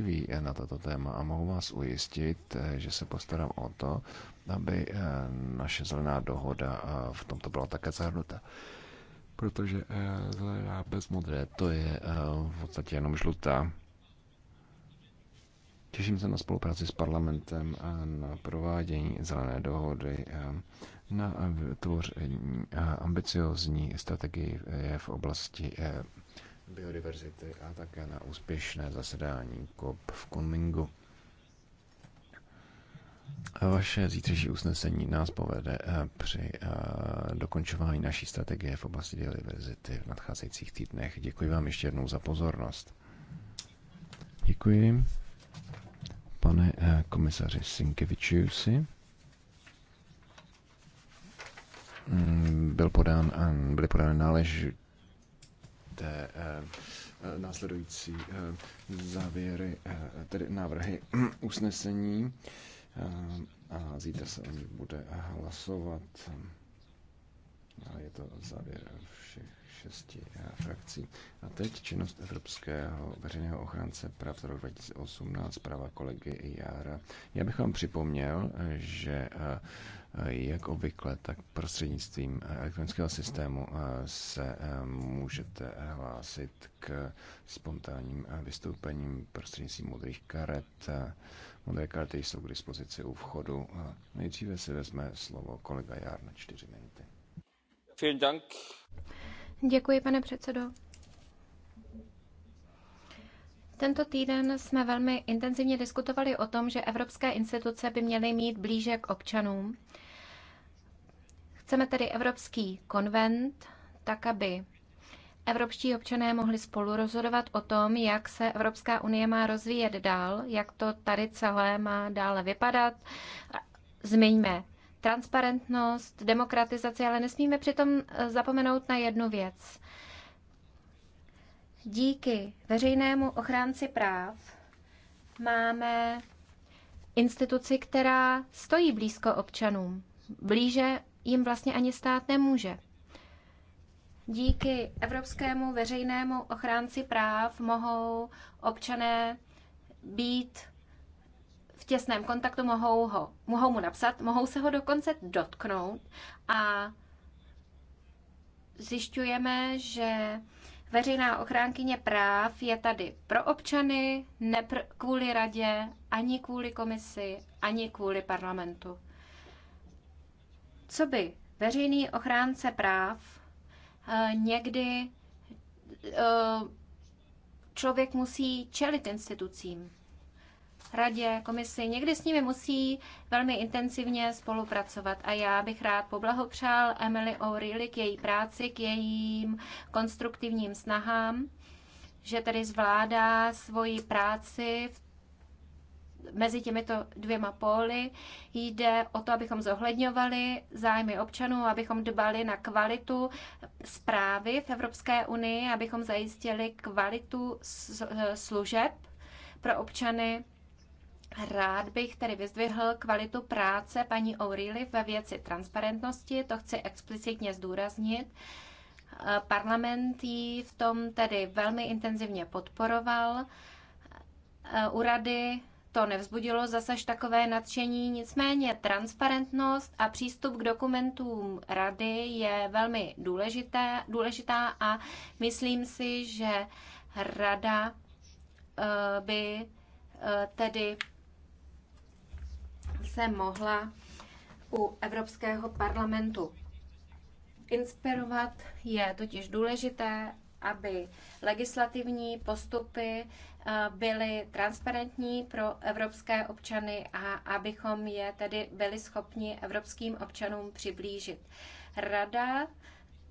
citliví eh, na toto téma a mohu vás ujistit, eh, že se postarám o to, aby eh, naše zelená dohoda v tomto byla také zahrnuta. Protože zelená bez modré to je v podstatě jenom žlutá. Těším se na spolupráci s parlamentem a na provádění zelené dohody, na vytvoření ambiciozní strategie v oblasti biodiverzity a také na úspěšné zasedání COP v Kunmingu. Vaše zítřejší usnesení nás povede eh, při eh, dokončování naší strategie v oblasti biodiverzity v nadcházejících týdnech. Děkuji vám ještě jednou za pozornost. Děkuji. Pane eh, komisaři Sinkevičiusi. Mm, byl podán, byly podány nálež, té eh, eh, následující eh, závěry, tedy návrhy usnesení. A zítra se o nich bude hlasovat. A je to závěr všech šesti frakcí. A teď činnost Evropského veřejného ochránce práv za rok 2018, práva kolegy Jára. Já bych vám připomněl, že jak obvykle, tak prostřednictvím eh, elektronického systému eh, se eh, můžete hlásit k spontánním vystoupením prostřednictvím modrých karet. Modré karty jsou k dispozici u vchodu. Nejdříve si vezme slovo kolega Jár na čtyři minuty. Děkuji, pane předsedo. Tento týden jsme velmi intenzivně diskutovali o tom, že evropské instituce by měly mít blíže k občanům Chceme tedy Evropský konvent, tak aby Evropští občané mohli spolu rozhodovat o tom, jak se Evropská unie má rozvíjet dál, jak to tady celé má dále vypadat. Zmiňme transparentnost, demokratizaci, ale nesmíme přitom eh, zapomenout na jednu věc. Díky veřejnému ochránci práv máme instituci, která stojí blízko občanům, blíže jim vlastně ani stát nemůže. Díky Evropskému veřejnému ochránci práv mohou občané být v těsném kontaktu, mohou, ho, mohou mu napsat, mohou se ho dokonce dotknout a zjišťujeme, že veřejná ochránkyně práv je tady pro občany, ne kvůli radě, ani kvůli komisi, ani kvůli parlamentu co by veřejný ochránce práv eh, někdy eh, člověk musí čelit institucím, radě, komisi, někdy s nimi musí velmi intenzivně spolupracovat. A já bych rád poblahopřál Emily O'Reilly k její práci, k jejím konstruktivním snahám, že tedy zvládá svoji práci v mezi těmito dvěma póly. Jde o to, abychom zohledňovali zájmy občanů, abychom dbali na kvalitu zprávy v Evropské unii, abychom zajistili kvalitu e, služeb pro občany. Rád bych tedy vyzdvihl kvalitu práce paní O'Reilly ve věci transparentnosti, to chci explicitně zdůraznit. E, parlament ji v tom tedy velmi intenzivně podporoval. E, u rady to nevzbudilo zasaž takové nadšení, nicméně transparentnost a přístup k dokumentům rady je velmi důležité, důležitá a myslím si, že rada eh, by eh, tedy se mohla u Evropského parlamentu inspirovat. Je totiž důležité, aby legislativní postupy Eh, byly transparentní pro evropské občany a abychom je tedy byli schopni evropským občanům přiblížit. Rada,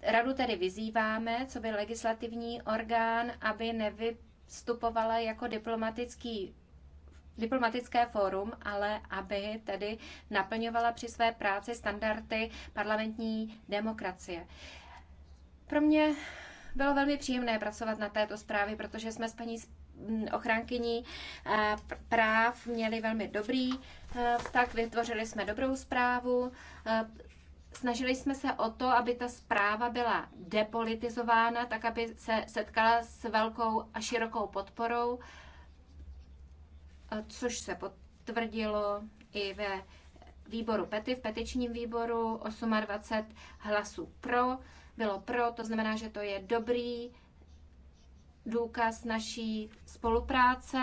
radu tedy vyzýváme, co by legislativní orgán, aby nevystupovala jako diplomatický diplomatické fórum, ale aby tedy naplňovala při své práci standardy parlamentní demokracie. Pro mě bylo velmi příjemné pracovat na této zprávě, protože jsme s paní ochránkyní eh, práv měli velmi dobrý eh, vztah, vytvořili jsme dobrou zprávu. Eh, snažili jsme se o to, aby ta zpráva byla depolitizována, tak aby se setkala s velkou a širokou podporou, což se potvrdilo i ve výboru PETY, v petičním výboru 28 hlasů pro, bylo pro, to znamená, že to je dobrý důkaz naší spolupráce,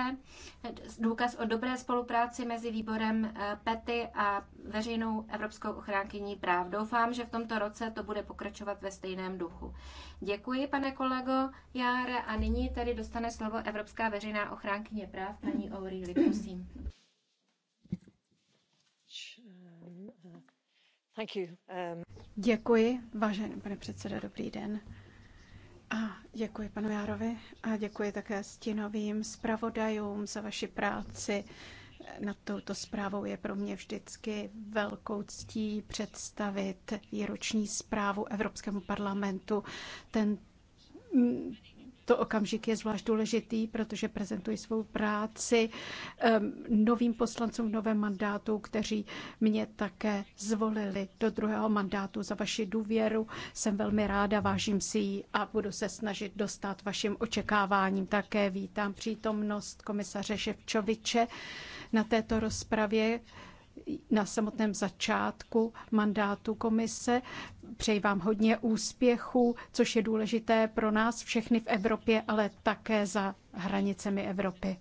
důkaz o dobré spolupráci mezi výborem eh, PETY a veřejnou evropskou ochránkyní práv. Doufám, že v tomto roce to bude pokračovat ve stejném duchu. Děkuji, pane kolego Járe, a nyní tedy dostane slovo Evropská veřejná ochránkyně práv, paní O'Reilly, prosím. Um, Děkuji, vážený pane předseda, dobrý den. A děkuji panu Járovi a děkuji také stinovým zpravodajům za vaši práci. Na touto zprávou je pro mě vždycky velkou ctí představit výroční zprávu Evropskému parlamentu. Ten tento okamžik je zvlášť důležitý, protože prezentuji svou práci ehm, novým poslancům v novém mandátu, kteří mě také zvolili do druhého mandátu za vaši důvěru. Jsem velmi ráda, vážím si ji a budu se snažit dostat vašim očekáváním. Také vítám přítomnost komisaře Ševčoviče na této rozpravě na samotném začátku mandátu komise. Přeji vám hodně úspěchů, což je důležité pro nás všechny v Evropě, ale také za hranicemi Evropy.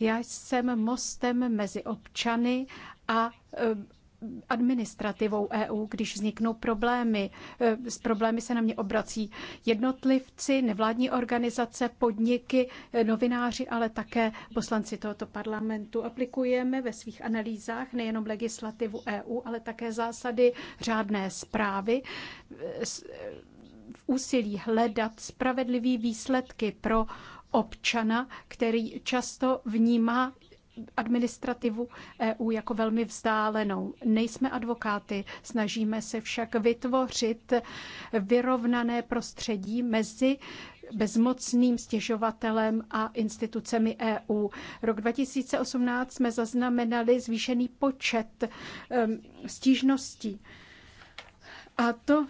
Já jsem mostem mezi občany a administrativou EU, když vzniknou problémy. E, s problémy se na mě obrací jednotlivci, nevládní organizace, podniky, e, novináři, ale také poslanci tohoto parlamentu. Aplikujeme ve svých analýzách nejenom legislativu EU, ale také zásady řádné zprávy e, v úsilí hledat spravedlivý výsledky pro občana, který často vnímá administrativu EU jako velmi vzdálenou. Nejsme advokáty, snažíme se však vytvořit vyrovnané prostředí mezi bezmocným stěžovatelem a institucemi EU. Rok 2018 jsme zaznamenali zvýšený počet stížností. A to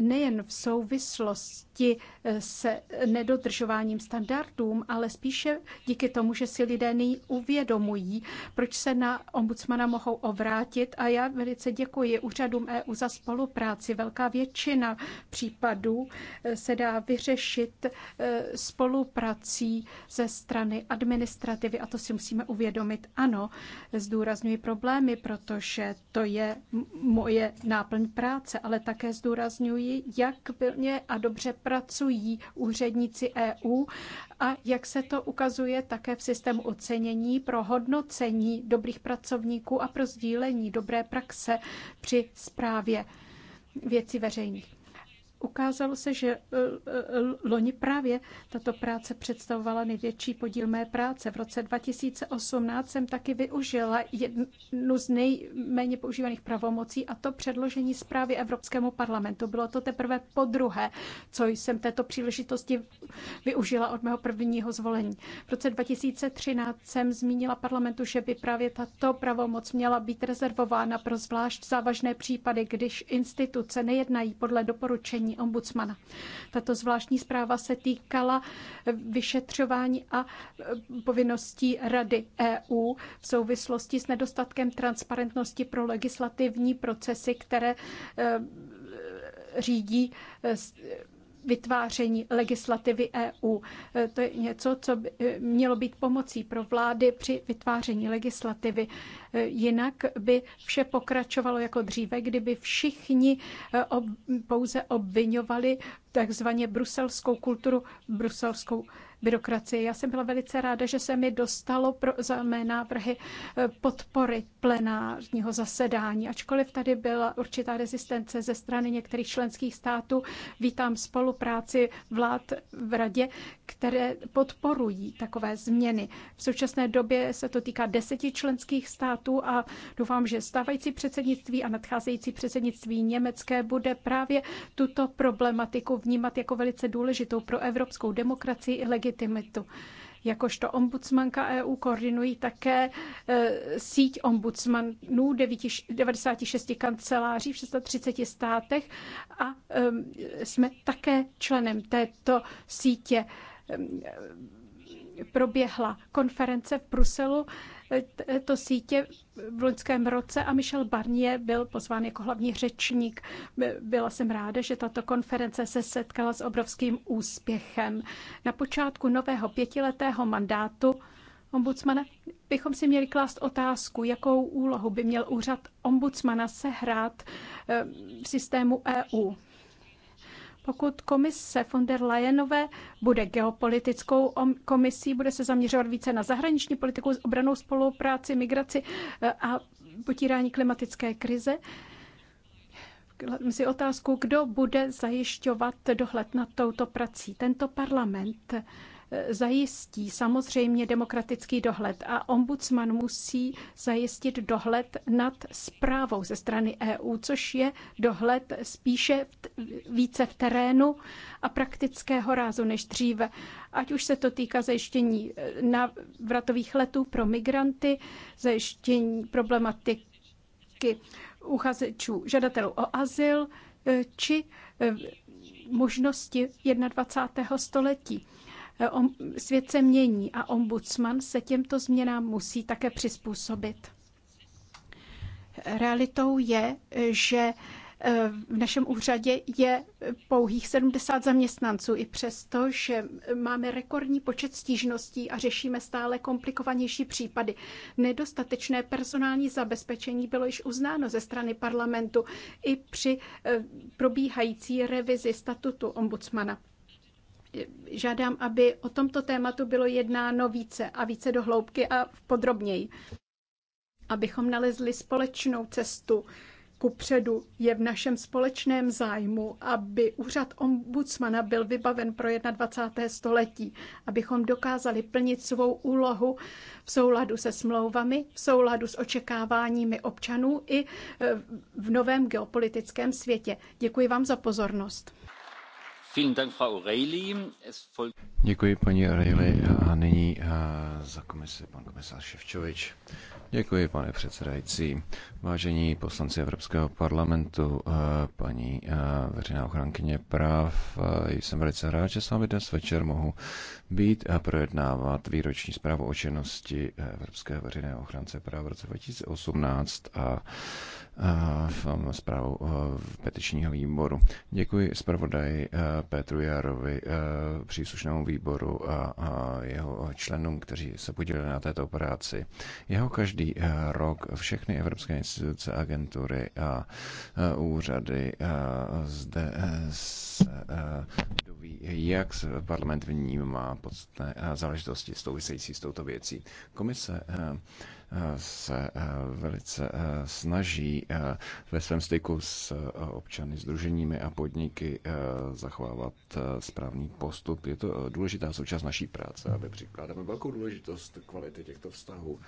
nejen v souvislosti proti eh, s nedodržováním standardům, ale spíše díky tomu, že si lidé uvědomují, proč se na ombudsmana mohou ovrátit. A já velice děkuji úřadům EU za spolupráci. Velká většina případů eh, se dá vyřešit eh, spoluprací ze strany administrativy a to si musíme uvědomit. Ano, zdůrazňuji problémy, protože to je moje náplň práce, ale také zdůrazňuji, jak pilně a dobře pracují úředníci EU a jak se to ukazuje také v systému ocenění pro hodnocení dobrých pracovníků a pro sdílení dobré praxe při zprávě věcí veřejných. Ukázalo se, že e, e, e, loni právě tato práce představovala největší podíl mé práce. V roce 2018 jsem taky využila jednu z nejméně používaných pravomocí a to předložení zprávy Evropskému parlamentu. Bylo to teprve po druhé, co jsem této příležitosti využila od mého prvního zvolení. V roce 2013 jsem zmínila parlamentu, že by právě tato pravomoc měla být rezervována pro zvlášť závažné případy, když instituce nejednají podle doporučení jednání ombudsmana. Tato zvláštní zpráva se týkala vyšetřování a eh, povinností Rady EU v souvislosti s nedostatkem transparentnosti pro legislativní procesy, které eh, řídí eh, vytváření legislativy EU. E, to je něco, co by e, mělo být pomocí pro vlády při vytváření legislativy. E, jinak by vše pokračovalo jako dříve, kdyby všichni pouze obvinovali takzvaně bruselskou kulturu, bruselskou byrokracii. Já jsem byla velice ráda, že se mi dostalo pro, za mé návrhy eh, podpory plenárního zasedání. Ačkoliv tady byla určitá rezistence ze strany některých členských států, vítám spolupráci vlád v radě, které podporují takové změny. V současné době se to týká deseti členských států a doufám, že stávající předsednictví a nadcházející předsednictví německé bude právě tuto problematiku vnímat jako velice důležitou pro evropskou demokracii i legislativu legitimitu. Jakožto ombudsmanka EU koordinují také e, síť ombudsmanů 96 kanceláří v 630 státech a e, jsme také členem této sítě e, proběhla konference v Bruselu této sítě v loňském roce a Michel Barnier byl pozván jako hlavní řečník. Byla jsem ráda, že tato konference se setkala s obrovským úspěchem. Na počátku nového pětiletého mandátu ombudsmana bychom si měli klást otázku, jakou úlohu by měl úřad ombudsmana sehrát eh, v systému EU. Pokud komise von der Leyenové bude geopolitickou komisí, bude se zaměřovat více na zahraniční politiku, obranou spolupráci, migraci eh, a potírání klimatické krize, klademe si otázku, kdo bude zajišťovat dohled nad touto prací. Tento parlament Eh, zajistí samozřejmě demokratický dohled a ombudsman musí zajistit dohled nad zprávou ze strany EU, což je dohled spíše více v terénu a praktického rázu než dříve. Ať už se to týká zajištění eh, vratových letů pro migranty, zajištění problematiky uchazečů, žadatelů o azyl, eh, či možnosti 21. století. Eh, svět se mění a ombudsman se těmto změnám musí také přizpůsobit. Realitou je, že eh, v našem úřadě je pouhých 70 zaměstnanců, i přesto, že máme rekordní počet stížností a řešíme stále komplikovanější případy. Nedostatečné personální zabezpečení bylo již uznáno ze strany parlamentu i při eh, probíhající revizi statutu ombudsmana žádám, aby o tomto tématu bylo jednáno více a více do hloubky a podrobněji. Abychom nalezli společnou cestu ku předu je v našem společném zájmu, aby úřad ombudsmana byl vybaven pro 21. století, abychom dokázali plnit svou úlohu v souladu se smlouvami, v souladu s očekáváními občanů i eh, v novém geopolitickém světě. Děkuji vám za pozornost. Děkuji paní o'reillyové a nyní eh, za komisi pan komisař Ševčovič. Děkuji pane předsedající. Vážení poslanci Evropského parlamentu, eh, paní eh, veřejná ochránkyně práv, jsem velice rád, že s vámi dnes večer mohu být a projednávat výroční zprávu o činnosti Evropského veřejné ochránce práv v roce 2018 a Eh, eh, zprávu eh, petičního výboru. Děkuji zpravodaji Petru Jarovi, příslušnému výboru a jeho členům, kteří se podíleli na této operaci. Jeho každý rok všechny evropské instituce, agentury a úřady zde se doví, jak parlament vnímá podstatné záležitosti související s touto věcí. Komise se eh, velice eh, snaží eh, ve svém styku s občany, združeními a podniky zachovávat správný postup. Je to důležitá součást naší práce aby my přikládáme velkou důležitost kvality těchto vztahů.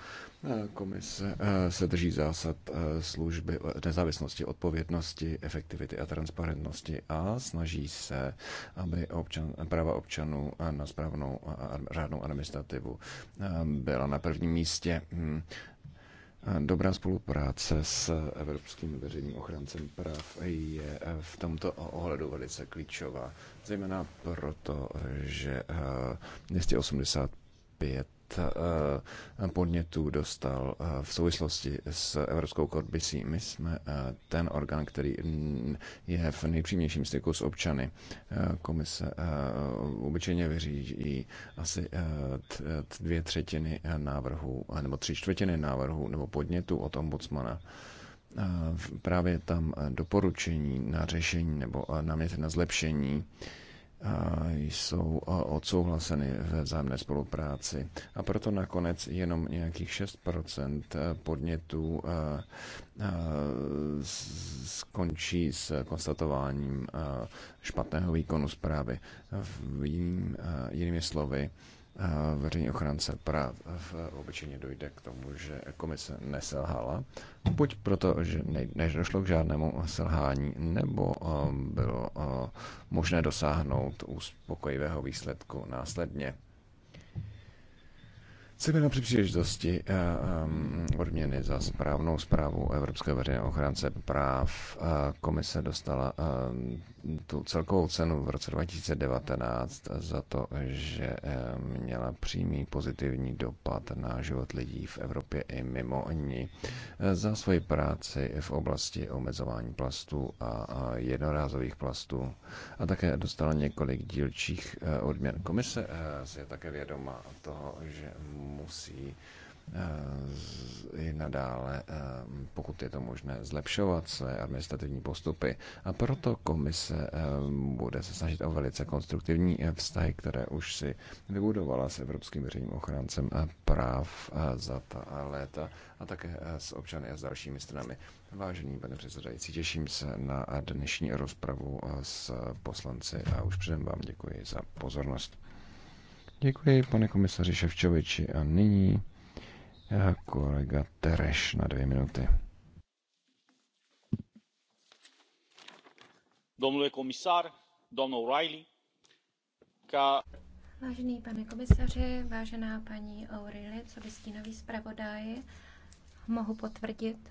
Komise se drží zásad služby nezávislosti, odpovědnosti, efektivity a transparentnosti a snaží se, aby občan, práva občanů na správnou a řádnou administrativu byla na prvním místě. Hm dobrá spolupráce s Evropským veřejným ochráncem práv je v tomto ohledu velice klíčová, zejména proto, že eh, 285 Eh, podnětů dostal eh, v souvislosti s Evropskou komisí. My jsme eh, ten orgán, který mm, je v nejpřímějším styku s občany. Komise obyčejně vyřídí asi dvě třetiny návrhů, nebo tři čtvrtiny návrhů nebo podnětů od ombudsmana právě tam doporučení na řešení nebo náměty na zlepšení jsou odsouhlaseny ve vzájemné spolupráci. A proto nakonec jenom nějakých 6% eh, podnětů eh, eh, skončí s konstatováním špatného výkonu zprávy. V jiným, jinými slovy, veřejný ochránce práv v obyčejně dojde k tomu, že komise neselhala, buď proto, že ne, než došlo k žádnému selhání, nebo um, bylo uh, možné dosáhnout uspokojivého výsledku následně. Chceme na příležitosti eh, ehm, odměny za správnou zprávu Evropské veřejné ochránce práv. Eh, komise dostala ehm, tu celkovou cenu v roce 2019 za to, že ehm, měla přímý pozitivní dopad na život lidí v Evropě i mimo ní. Eh, za svoji práci v oblasti omezování plastů a jednorázových plastů a také dostala několik dílčích odměn. Komise se je také vědoma toho, že musí eh, i nadále, eh, pokud je to možné, zlepšovat své administrativní postupy. A proto komise eh, bude se snažit o velice konstruktivní vztahy, které už si vybudovala s Evropským veřejným ochráncem práv za ta léta a také s občany a s dalšími stranami. Vážený pane předsedající, těším se na dnešní rozpravu s poslanci a už předem vám děkuji za pozornost. Děkuji, pane komisaři Ševčoviči. A nyní eh, kolega Tereš na dvě minuty. Domnule komisar, domno Riley, ka... Vážený pane komisaři, vážená paní O'Reilly, co by stínový zpravodaj, mohu potvrdit,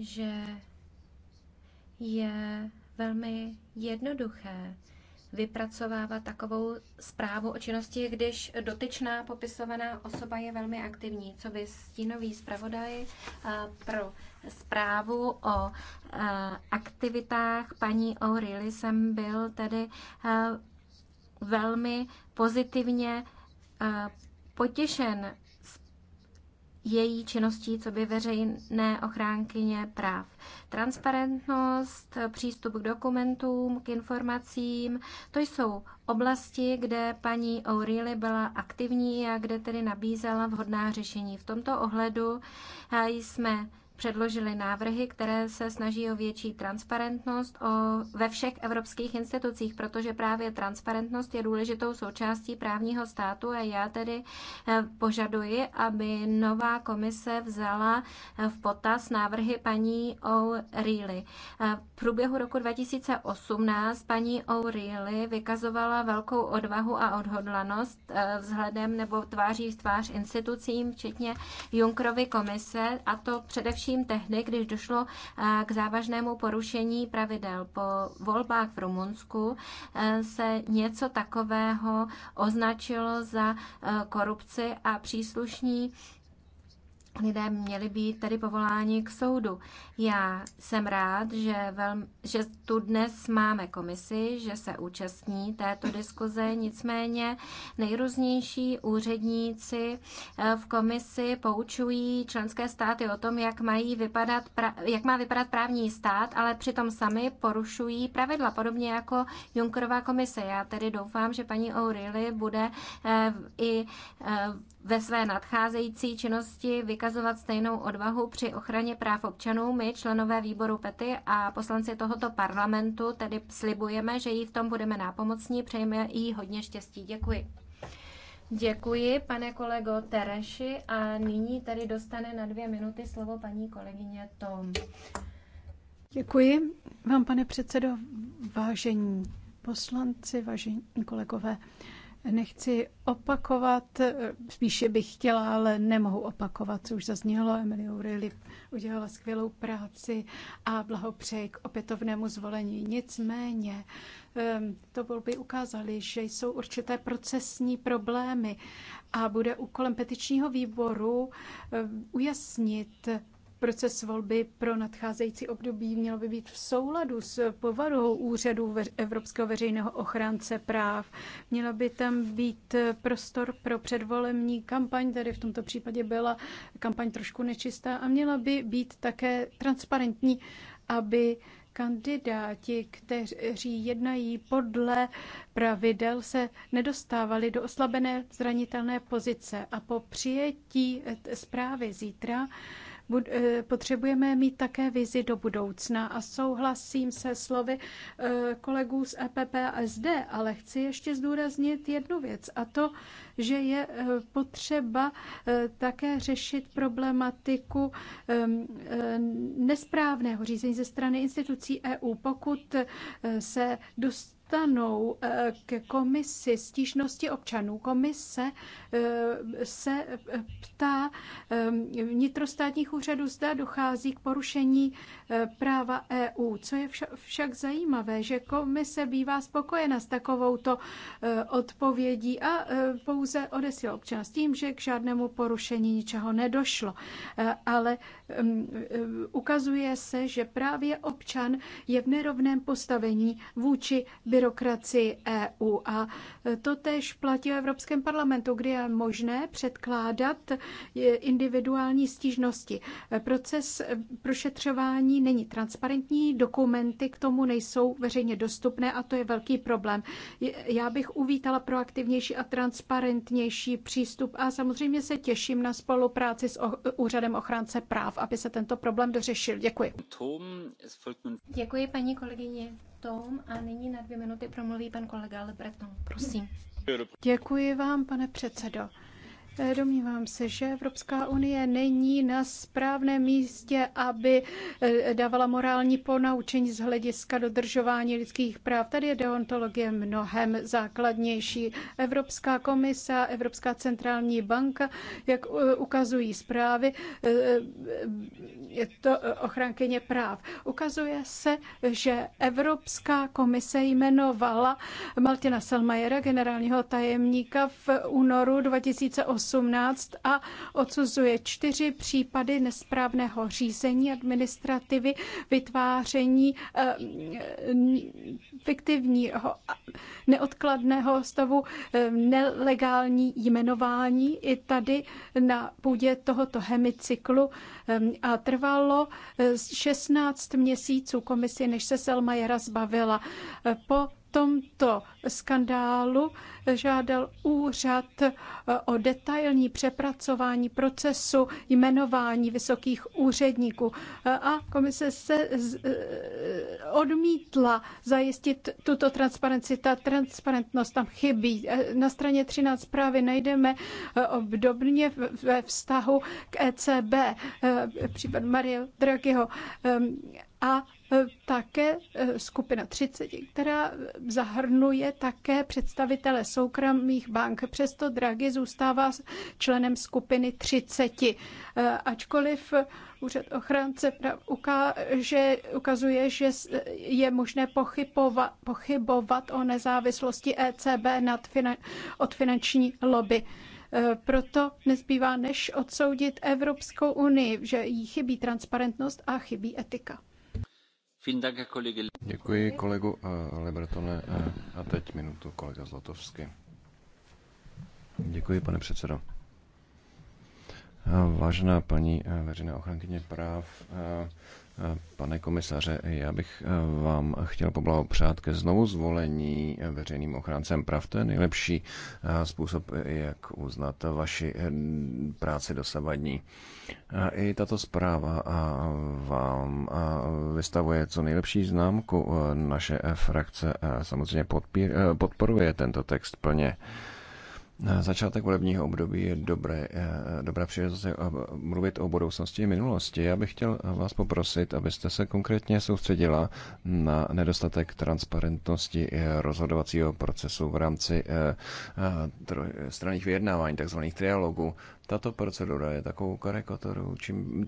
že je velmi jednoduché vypracovávat takovou zprávu o činnosti, když dotyčná popisovaná osoba je velmi aktivní, co by stínový zpravodaj pro zprávu o aktivitách paní O'Reilly jsem byl tedy velmi pozitivně potěšen její činností co by veřejné ochránkyně práv. Transparentnost, přístup k dokumentům, k informacím, to jsou oblasti, kde paní O'Reilly byla aktivní a kde tedy nabízela vhodná řešení. V tomto ohledu eh, jsme předložili návrhy, které se snaží o větší transparentnost o, ve všech evropských institucích, protože právě transparentnost je důležitou součástí právního státu a já tedy eh, požaduji, aby nová komise vzala eh, v potaz návrhy paní O'Reilly. Eh, v průběhu roku 2018 paní O'Reilly vykazovala velkou odvahu a odhodlanost vzhledem nebo tváří v tvář institucím, včetně Junkrovy komise, a to především především tehdy, když došlo eh, k závažnému porušení pravidel. Po volbách v Rumunsku eh, se něco takového označilo za eh, korupci a příslušní lidé měli být tady povoláni k soudu. Já jsem rád, že, velmi, že tu dnes máme komisi, že se účastní této diskuze, nicméně nejrůznější úředníci eh, v komisi poučují členské státy o tom, jak, mají vypadat, jak má vypadat právní stát, ale přitom sami porušují pravidla, podobně jako Junkerová komise. Já tedy doufám, že paní O'Reilly bude eh, i eh, ve své nadcházející činnosti vykazovat vykazovat stejnou odvahu při ochraně práv občanů. My, členové výboru PETY a poslanci tohoto parlamentu, tedy slibujeme, že jí v tom budeme nápomocní. Přejeme jí hodně štěstí. Děkuji. Děkuji, pane kolego Tereši. A nyní tedy dostane na dvě minuty slovo paní kolegyně Tom. Děkuji vám, pane předsedo, vážení poslanci, vážení kolegové. Nechci opakovat, spíše bych chtěla, ale nemohu opakovat, co už zaznělo. Emily O'Reilly udělala skvělou práci a blahopřeji k opětovnému zvolení. Nicméně to volby ukázaly, že jsou určité procesní problémy a bude úkolem petičního výboru ujasnit, Proces volby pro nadcházející období měl by být v souladu s povahou úřadu Evropského veřejného ochránce práv. Měla by tam být prostor pro předvolemní kampaň, tady v tomto případě byla kampaň trošku nečistá a měla by být také transparentní, aby kandidáti, kteří jednají podle pravidel, se nedostávali do oslabené zranitelné pozice. A po přijetí eh, zprávy zítra Eh, potřebujeme mít také vizi do budoucna a souhlasím se slovy eh, kolegů z EPP a SD, ale chci ještě zdůraznit jednu věc a to, že je eh, potřeba také řešit problematiku ehm, nesprávného řízení ze strany institucí EU. Pokud se dost dostanou eh, k komisi stížnosti občanů. Komise eh, se eh, ptá vnitrostátních úřadů, zda dochází k porušení práva EU. Co je však zajímavé, že komise bývá spokojena s takovouto odpovědí a pouze odesílá občana s tím, že k žádnému porušení ničeho nedošlo. Ale mm, ukazuje se, že právě občan je v nerovném postavení vůči by byrokracii EU. A to tež platí o Evropském parlamentu, kdy je možné předkládat individuální stížnosti. Proces prošetřování není transparentní, dokumenty k tomu nejsou veřejně dostupné a to je velký problém. Já bych uvítala proaktivnější a transparentnější přístup a samozřejmě se těším na spolupráci s Úřadem ochránce práv, aby se tento problém dořešil. Děkuji. Děkuji paní kolegyně tom a nyní na dvě minuty promluví pan kolega Lebreton. No, prosím. Děkuji vám, pane předsedo. Domnívám se, že Evropská unie není na správném místě, aby eh, dávala morální ponaučení z hlediska dodržování lidských práv. Tady je deontologie mnohem základnější. Evropská komise a Evropská centrální banka, jak eh, ukazují zprávy, eh, je to ochránkyně práv. Ukazuje se, že Evropská komise jmenovala Martina Selmayera, generálního tajemníka v únoru 2008 2018 a odsuzuje čtyři případy nesprávného řízení administrativy, vytváření eh, fiktivního neodkladného stavu, eh, nelegální jmenování i tady na půdě tohoto hemicyklu eh, a trvalo 16 měsíců komisi, než se Selma Jera zbavila. Po tomto skandálu žádal úřad eh, o detailní přepracování procesu jmenování vysokých úředníků eh, a komise se eh, odmítla zajistit tuto transparenci. Ta transparentnost tam chybí. Na straně 13 právě najdeme obdobně ve vztahu k ECB, případ Marie Draghiho ehm, a E, také e, skupina 30, která zahrnuje také představitele soukromých bank. Přesto Draghi zůstává členem skupiny 30. E, ačkoliv úřad ochránce ukáže, ukazuje, že je možné pochybovat, pochybovat o nezávislosti ECB nad finan, od finanční lobby. Proto nezbývá než odsoudit Evropskou unii, že jí chybí transparentnost a chybí etika. Děkuji kolegu eh, Lebretone eh, a teď minutu kolega Zlatovsky. Děkuji, pane předsedo. Eh, vážená paní veřejná ochrankyně práv, Pane komisaře, já bych eh, vám chtěl poblahopřát ke znovu zvolení eh, veřejným ochráncem prav. To je nejlepší eh, způsob, jak uznat vaši práci dosavadní. I tato zpráva vám vystavuje co nejlepší známku. Naše frakce samozřejmě podporuje tento text plně začátek volebního období je dobré, eh, dobrá příležitost eh, mluvit o budoucnosti i minulosti. Já bych chtěl vás poprosit, abyste se konkrétně soustředila na nedostatek transparentnosti eh, rozhodovacího procesu v rámci straných vyjednávání, takzvaných trialogů. Tato procedura je takovou karikaturou, čím,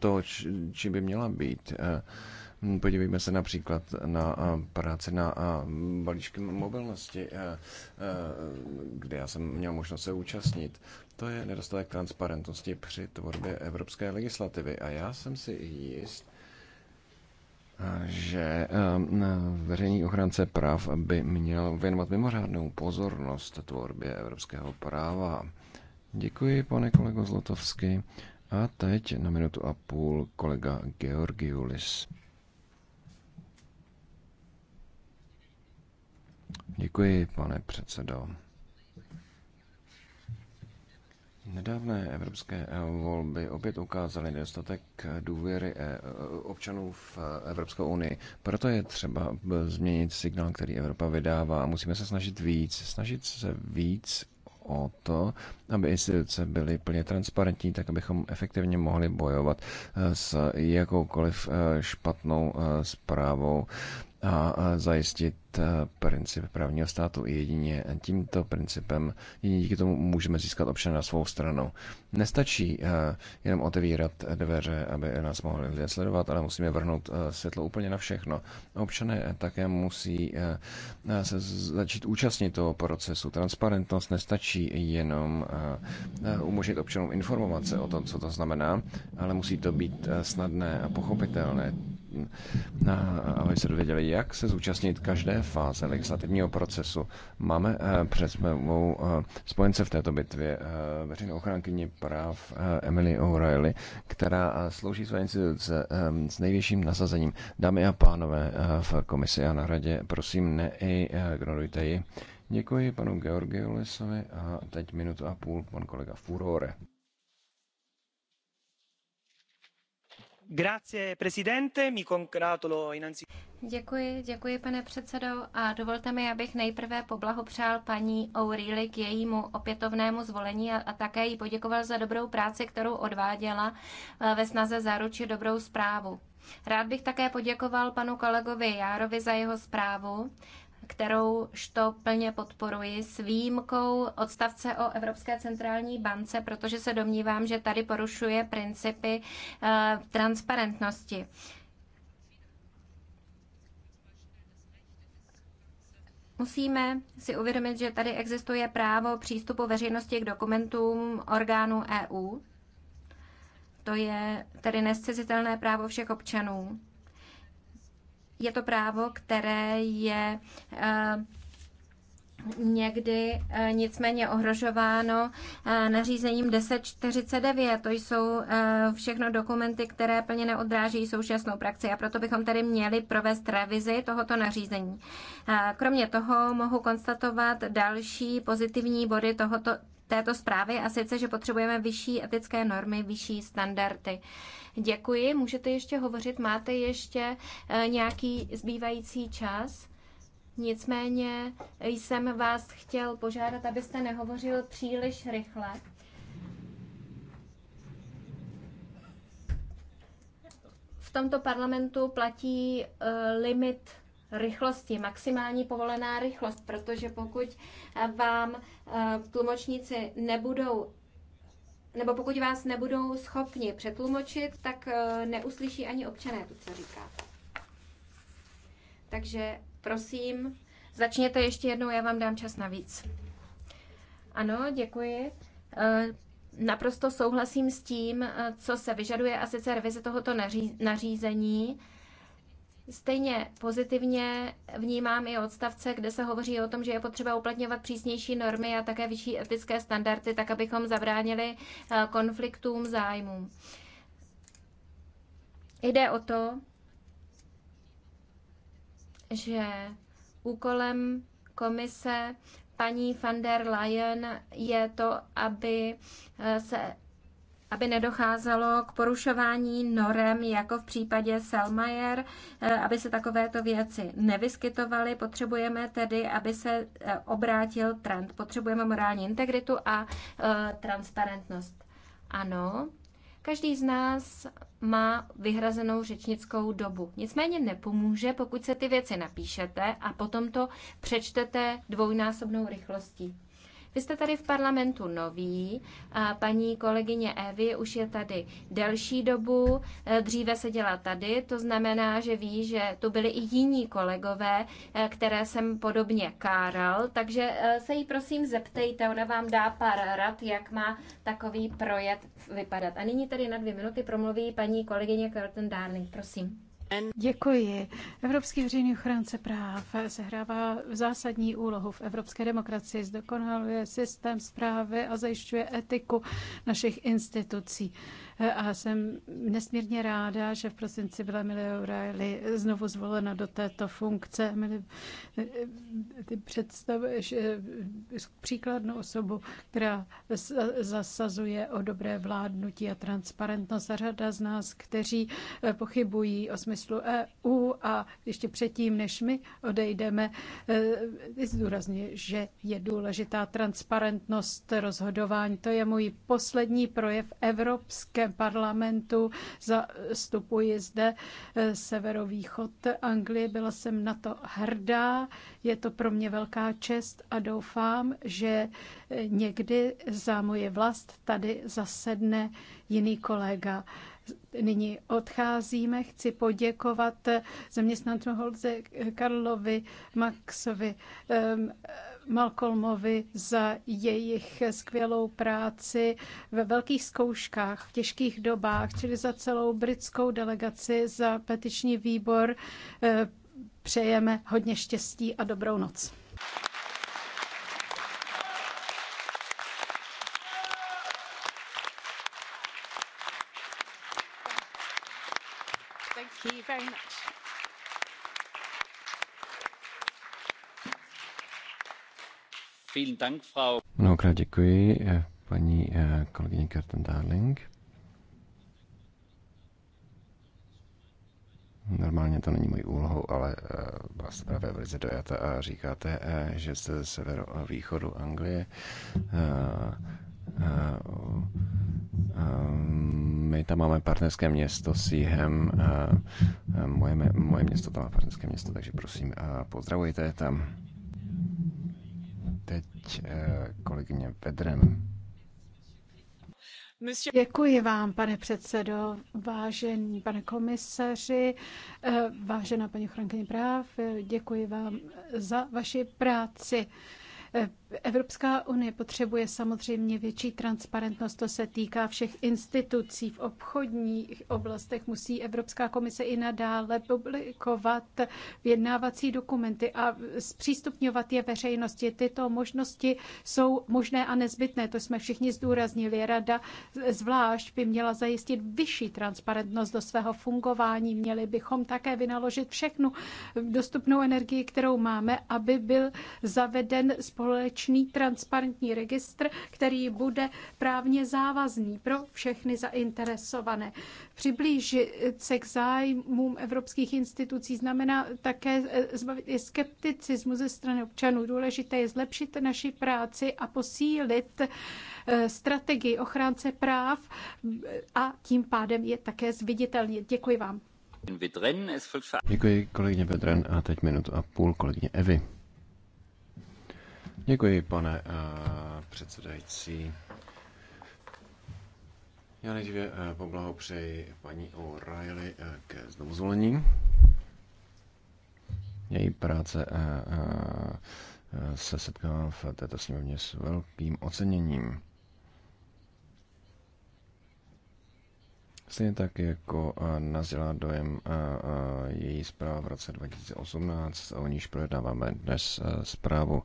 čím by měla být. Hm, podívejme se například na práci na balíčky mobilnosti, kde já jsem měl možnost se účastnit. To je nedostatek transparentnosti při tvorbě evropské legislativy a já jsem si jist, že veřejný ochránce práv by měl věnovat mimořádnou pozornost tvorbě evropského práva. Děkuji, pane kolego Zlotovsky. A teď na minutu a půl kolega Georgiulis. Děkuji, pane předsedo. Nedávné evropské eh, volby opět ukázaly nedostatek důvěry eh, občanů v eh, Evropskou unii. Proto je třeba změnit signál, který Evropa vydává. Musíme se snažit víc, snažit se víc o to, aby instituce byly plně transparentní, tak abychom efektivně mohli bojovat s jakoukoliv špatnou zprávou a zajistit princip právního státu. I jedině tímto principem, jedině díky tomu můžeme získat občany na svou stranu. Nestačí jenom otevírat dveře, aby nás mohli lidé sledovat, ale musíme vrhnout světlo úplně na všechno. Občané také musí se začít účastnit toho procesu. Transparentnost nestačí jenom umožnit občanům informace o tom, co to znamená, ale musí to být snadné a pochopitelné aby se dověděli, jak se zúčastnit každé fáze legislativního procesu. Máme eh, před sebou eh, spojence v této bitvě eh, veřejnou ochránkyni práv Emily O'Reilly, která slouží své instituce s největším nasazením. Dámy a pánové v komisi a na radě, prosím, neignorujte ji. Děkuji panu Georgiolisovi a teď minutu a půl pan kolega Furore. Děkuji, děkuji pane předsedo a dovolte mi, abych nejprve poblahopřál paní O'Reilly k jejímu opětovnému zvolení a, a také jí poděkoval za dobrou práci, kterou odváděla e, ve snaze zaručit dobrou zprávu. Rád bych také poděkoval panu kolegovi Járovi za jeho zprávu kterou što plně podporuji s výjimkou odstavce o Evropské centrální bance, protože se domnívám, že tady porušuje principy eh, transparentnosti. Musíme si uvědomit, že tady existuje právo přístupu veřejnosti k dokumentům orgánů EU. To je tedy nescizitelné právo všech občanů je to právo, které je eh, někdy eh, nicméně ohrožováno eh, nařízením 1049. To jsou všechno dokumenty, které plně neodráží současnou praxi a proto bychom tady měli provést revizi tohoto nařízení. Kromě toho mohu konstatovat další pozitivní body tohoto, této zprávy a sice, že potřebujeme vyšší etické normy, vyšší standardy. Děkuji, můžete ještě hovořit, máte ještě eh, nějaký zbývající čas? Nicméně jsem vás chtěl požádat, abyste nehovořil příliš rychle. V tomto parlamentu platí eh, limit rychlosti, maximální povolená rychlost, protože pokud vám eh, tlumočníci nebudou nebo pokud vás nebudou schopni přetlumočit, tak eh, neuslyší ani občané to, co říkáte. Takže prosím, začněte ještě jednou, já vám dám čas navíc. Ano, děkuji. Eh, naprosto souhlasím s tím, co se vyžaduje, a sice revize tohoto nařízení Stejně pozitivně vnímám i odstavce, kde se hovoří o tom, že je potřeba uplatňovat přísnější normy a také vyšší etické standardy, tak abychom zabránili eh, konfliktům zájmů. Jde o to, že úkolem komise paní van der Leyen je to, aby eh, se aby nedocházelo k porušování norem, jako v případě Selmayer, eh, aby se takovéto věci nevyskytovaly. Potřebujeme tedy, aby se eh, obrátil trend. Potřebujeme morální integritu a eh, transparentnost. Ano, každý z nás má vyhrazenou řečnickou dobu. Nicméně nepomůže, pokud se ty věci napíšete a potom to přečtete dvojnásobnou rychlostí. Vy jste tady v parlamentu nový, a paní kolegyně Evy už je tady delší dobu, e, dříve se dělá tady, to znamená, že ví, že tu byli i jiní kolegové, e, které jsem podobně káral, takže e, se jí prosím zeptejte, ona vám dá pár rad, jak má takový projekt vypadat. A nyní tady na dvě minuty promluví paní kolegyně Curtin Darling, prosím. Děkuji. Evropský veřejný ochránce práv sehrává zásadní úlohu v evropské demokracii, zdokonaluje systém zprávy a zajišťuje etiku našich institucí a jsem nesmírně ráda, že v prosinci byla Emilie O'Reilly znovu zvolena do této funkce. Emilie, ty představuješ eh, příkladnou osobu, která zasazuje o dobré vládnutí a transparentnost. A řada z nás, kteří eh, pochybují o smyslu EU a ještě předtím, než my odejdeme, eh, zdůrazně, že je důležitá transparentnost rozhodování. To je můj poslední projev Evropské Evropském parlamentu, zastupuji zde eh, severovýchod Anglie, byla jsem na to hrdá, je to pro mě velká čest a doufám, že eh, někdy za moje vlast tady zasedne jiný kolega. Nyní odcházíme. Chci poděkovat eh, zaměstnancům Holze Karlovi, Maxovi, Malcolmovi za jejich skvělou práci ve velkých zkouškách, v těžkých dobách, čili za celou britskou delegaci, za petiční výbor. Eh, přejeme hodně štěstí a dobrou noc. Mnohokrát děkuji, eh, paní eh, kolegyně Kerten Darling. Normálně to není můj úlohou, ale eh, vás právě velice dojata a říkáte, že jste ze severovýchodu Anglie. my tam máme partnerské město Seaham. moje, moje město tam má partnerské město, takže prosím, pozdravujte tam teď eh, kolegyně Vedren. Děkuji vám, pane předsedo, vážený pane komisaři, eh, vážená paní ochránkyně práv, eh, děkuji vám za vaši práci. Evropská unie potřebuje samozřejmě větší transparentnost, to se týká všech institucí. V obchodních oblastech musí Evropská komise i nadále publikovat vyjednávací dokumenty a zpřístupňovat je veřejnosti. Tyto možnosti jsou možné a nezbytné, to jsme všichni zdůraznili. Rada zvlášť by měla zajistit vyšší transparentnost do svého fungování. Měli bychom také vynaložit všechnu dostupnou energii, kterou máme, aby byl zaveden společný společný transparentní registr, který bude právně závazný pro všechny zainteresované. Přiblížit se k zájmům evropských institucí znamená také eh, zbavit i skepticismu ze strany občanů. Důležité je zlepšit naši práci a posílit eh, strategii ochránce práv eh, a tím pádem je také zviditelnit. Děkuji vám. Děkuji kolegyně Vedren a teď minutu a půl kolegyně Evy. Děkuji, pane uh, předsedající. Já nejdříve uh, poblahopřeji paní O'Reilly uh, ke znovuzvolení. Její práce uh, uh, se setkává v této sněmovně s velkým oceněním. Stejně tak jako nazila dojem její zpráva v roce 2018, o níž projednáváme dnes zprávu.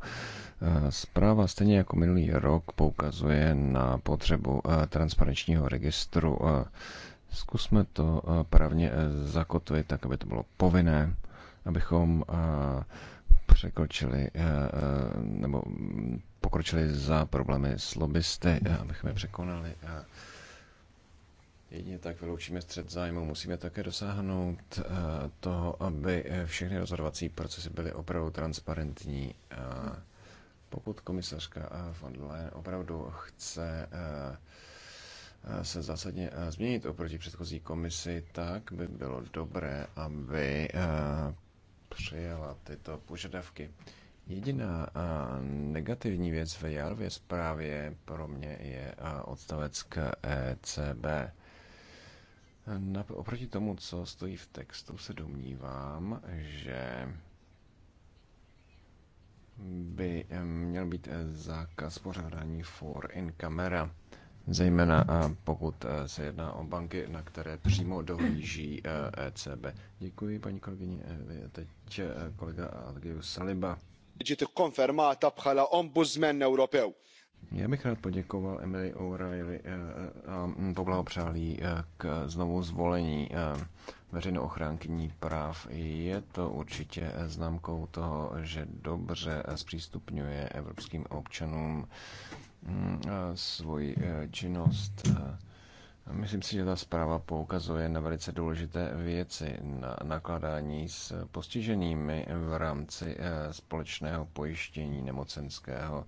Zpráva stejně jako minulý rok poukazuje na potřebu transparenčního registru. Zkusme to právně e, zakotvit tak, aby to bylo povinné, abychom překročili e, e, nebo pokročili za problémy s lobbysty, abychom je překonali. Jedině tak vyloučíme střed zájmu. Musíme také dosáhnout eh, toho, aby eh, všechny rozhodovací procesy byly opravdu transparentní. A pokud komisařka eh, von der Leyen opravdu chce se zásadně změnit oproti předchozí komisi, tak by bylo dobré, aby přijela tyto požadavky. Jediná negativní věc ve Jarově zprávě pro mě je odstavec k ECB oproti tomu, co stojí v textu, se domnívám, že by eh, měl být eh, zákaz pořádání for in camera, zejména eh, pokud se jedná o banky, na které přímo dohlíží ECB. E Děkuji, paní kolegyně. Teď kolega Algius Saliba. Ġiet ikkonfermata bħala ombudsman Ewropew já bych rád poděkoval Emily O'Reilly eh, eh, a poblahopřál eh, k znovu zvolení veřejnou ochránkyní práv. Je to určitě známkou toho, že dobře zpřístupňuje evropským občanům mm, svoji činnost. Myslím si, že ta zpráva poukazuje na velice důležité věci, na nakládání s postiženými v rámci společného pojištění nemocenského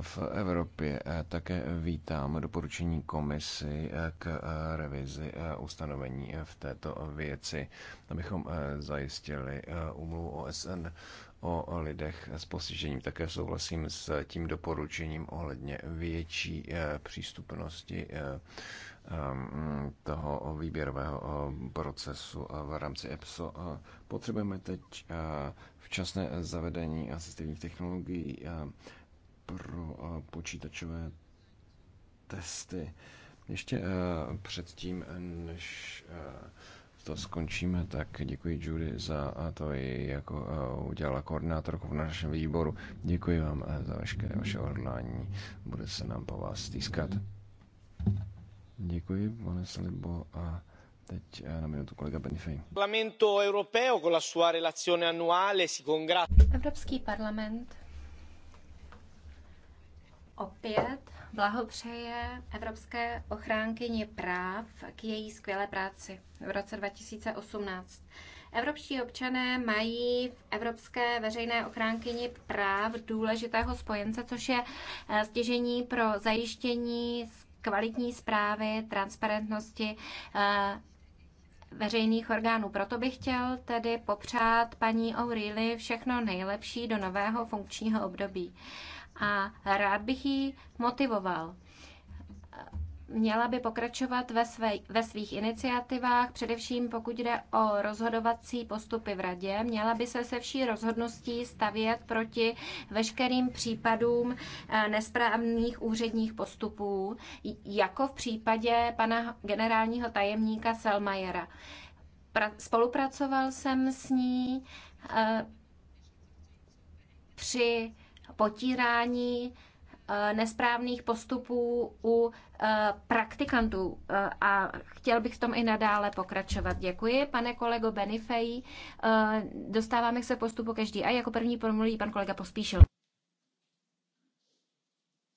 v Evropě. E, také vítám doporučení komisy e, k e, revizi ustanovení v této věci, abychom zajistili umluvu OSN o lidech s postižením. Také souhlasím s tím doporučením ohledně větší přístupnosti toho výběrového procesu v rámci EPSO. Potřebujeme teď včasné zavedení asistivních technologií pro eh, počítačové testy. Ještě eh, předtím, eh, než to skončíme, tak děkuji Judy za to, jako udělala koordinátorku v našem výboru. Děkuji vám za veškeré vaše odhodlání. Bude se nám po vás stýskat. Děkuji, pane Slibo. A teď na minutu kolega Benifej. Parlamento europeo con la sua relazione annuale si congratu. Evropský parlament opět blahopřeje Evropské ochránkyni práv k její skvělé práci v roce 2018. Evropští občané mají v Evropské veřejné ochránkyni práv důležitého spojence, což je eh, stěžení pro zajištění kvalitní zprávy, transparentnosti eh, veřejných orgánů. Proto bych chtěl tedy popřát paní O'Reilly všechno nejlepší do nového funkčního období a rád bych ji motivoval měla by pokračovat ve, své, ve svých iniciativách, především pokud jde o rozhodovací postupy v radě. Měla by se se vší rozhodností stavět proti veškerým případům eh, nesprávných úředních postupů, jako v případě pana generálního tajemníka Selmajera. Pra, spolupracoval jsem s ní e, při potírání eh, nesprávných postupů u eh, praktikantů eh, a chtěl bych v tom i nadále pokračovat. Děkuji, pane kolego Benifej. Dostáváme se postupu každý a jako první promluví pan kolega Pospíšil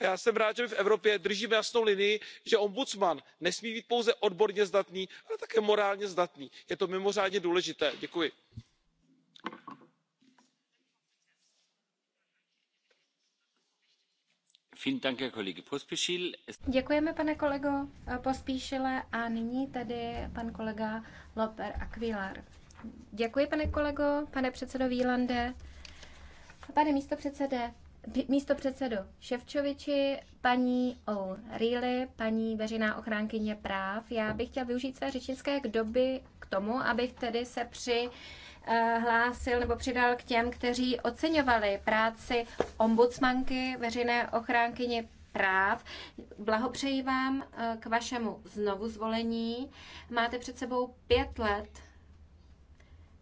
a já jsem rád že my v evropě držíme jasnou linii že ombudsman nesmí být pouze odborně zdatný ale také morálně zdatný. je to mimořádně důležité. děkuji. Děkujeme, pane kolego eh, Pospíšile. A nyní tady pan kolega Loper Aquilar. Děkuji, pane kolego, pane předsedo Výlande, pane místopředsedo místo předsedu Ševčoviči, paní O'Reilly, paní veřejná ochránkyně práv. Já bych chtěla využít své řečnické doby k tomu, abych tedy se při eh, hlásil nebo přidal k těm, kteří oceňovali práci ombudsmanky veřejné ochránkyně práv. Blahopřeji vám eh, k vašemu znovuzvolení. Máte před sebou pět let